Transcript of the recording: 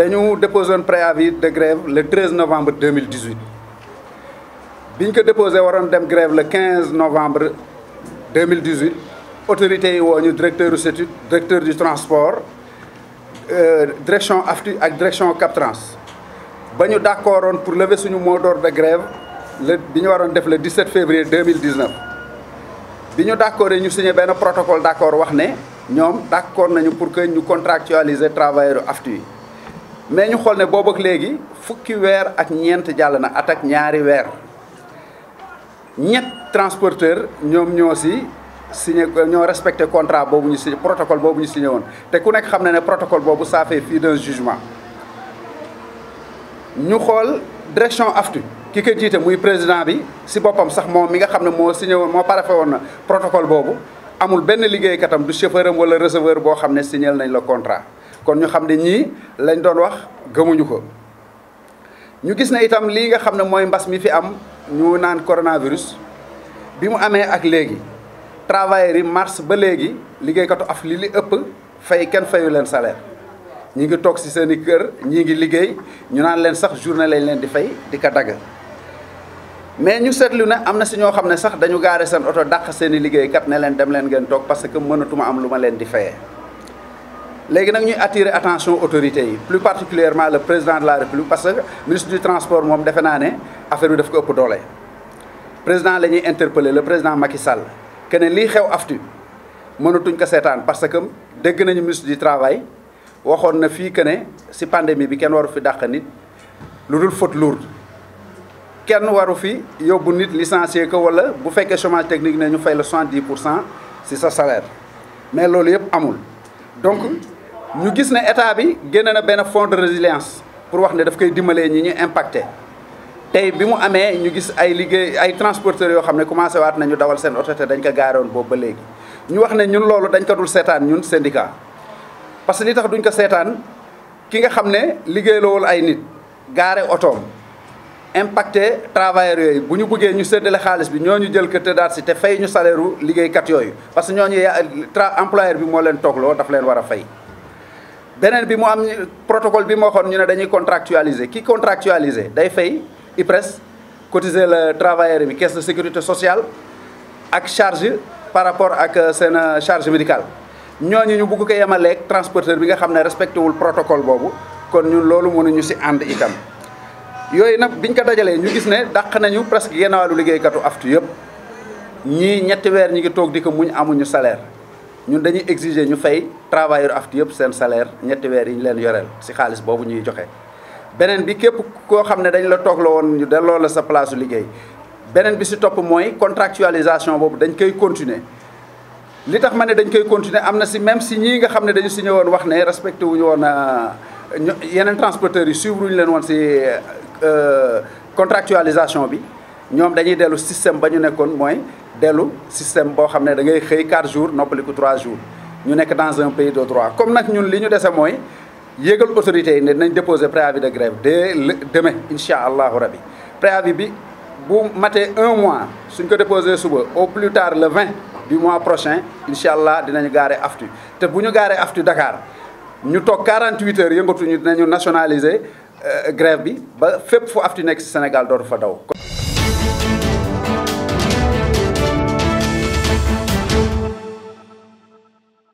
avons déposé un préavis de grève le 13 novembre 2018 Nous déposer déposé une grève le 15 novembre 2018 L'autorité est directeur du directeur du transport euh, direction AFTU ak direction CAPTRANS Nous sommes d'accord pour lever ce mot d'ordre de grève le le 17 février 2019 Nous avons signé un protocole d'accord pour que nous contractualiser travailleurs AFTU mais ñu xool ne boobu ak léegi fukki weer ak ñeent jàll na at ñaari weer ñett transporteur ñoom ñoo si signé ñoo respecté contrat boobu ñu signé protocole boobu ñu signé woon te ku nekk xam na ne protocole boobu saafee fait fii d'un jugement ñu xool direction AFTU ki ko jiite muy président bi si boppam sax moom mi nga xam ne moo signé woon moo parafe woon na protocole boobu amul benn liggéeykatam du chauffeur am wala receveur boo xam ne signé nañ la contrat kon ñu xam ne ñii lañ doon wax gëmuñu ko ñu gis ne itam lii nga xam ne mooy mbas mi fi am ñu naan coronavirus bi mu amee ak léegi travailleurs yi mars ba léegi liggéeykatu af li li ëpp fay kenn fayu leen salaire ñi ngi toog ci seen i kër ñii ngi liggéey ñu naan leen sax journée lañ leen di fay di ko dagg mais ñu seetlu ne am na si ñoo xam ne sax dañu gaare seen oto dàq seen i liggéeykat ne leen dem leen ngeen toog parce mënatuma am lu ma leen di fayee léegi nag ñuy attirer attention autorités yi plus particulièrement le président de la république parce que ministre du transport moom defe naa ne affaire bi daf ko ëpp président la ñuy interpeller le président Macky Sall que ne lii xew aftu mënatuñ ko seetaan parce que dégg nañu ministre du travail waxoon na fii que ne si pandémie bi kenn waru fi dàq nit lu dul faute lourde kenn waru fi yóbbu nit licencié ko wala bu le chômage technique ne ñu fay la C'est dix sa salaire mais loolu yëpp amul donc. ñu gis ne état bi génne na benn fond de résilience pour wax ne daf koy dimbalee ñi ñu impacté tey bi mu amee ñu gis ay liggéey ay transporteurs yoo xam ne commencé waat nañu dawal seen oto te dañ ko gaaroon boobu ba léegi ñu wax ne ñun loolu dañ ko dul seetaan ñun syndicat parce que li tax duñ ko seetaan ki nga xam ne liggéeyloowul ay nit gaare otoom impacté travailleurs yooyu bu ñu buggee ñu séddale xaalis bi ñoo ñu jël kër te daat si te fay ñu salaire liggéeykat yooyu parce que ñooñu tra employeur bi moo leen toogloo daf leen war a fay beneen bi mu am protocole bi ma waxoon ñu ne dañuy contractualiser ki contractualiser day fay IPRES cotiser le travailleur bi caisse de sécurité sociale ak charge par rapport ak euh, seen euh, charge médicale ñooñu ñu bugg ko yemaleeg transporteur bi nga xam ne respecté wul protocole boobu kon ñun loolu mënuñu si ànd itam. yooyu nag biñ ko dajalee ñu gis ne dàq nañu presque genn wàllu liggéeykatu aftu yëpp ñii ñetti weer ñi ngi toog di muñ amuñu salaire. ñun dañuy exiger ñu fay travailleur afti yëpp seen salaire ñetti weer yi ñu leen yoreel si xaalis boobu ñuy joxe beneen bi képp koo xam ne dañ la toog la woon ñu delloo la sa place liggéey beneen bi si topp mooy contractualisation boobu dañ koy continuer li tax ma ne dañ koy continuer am na si même si ñii nga xam ne dañu signé woon wax ne respecté wuñu woon euh, yeneen transporteurs yi suivre ñu leen woon si euh, contractualisation bi ñom dañuy dellu système bañu ñu moy mooy système bo xamné da ngay xey 4 jours noppaliku 3 jours ñu nekk dans un pays de droit comme nous ñun li ñu dese mooy yégal autorités yi déposer préavis de grève dès demain inshallah rabbi préavis bi bu maté un mois suñ ko déposer suba au plus tard le 20 du mois prochain inshallah allah dinañu gaare aftu té buñu garé aftu Dakar ñu tok 48 heures yëngatuñu dinañu nationaliser euh, grève bi ba fépp fu aftu nekk Sénégal dootu fa daw.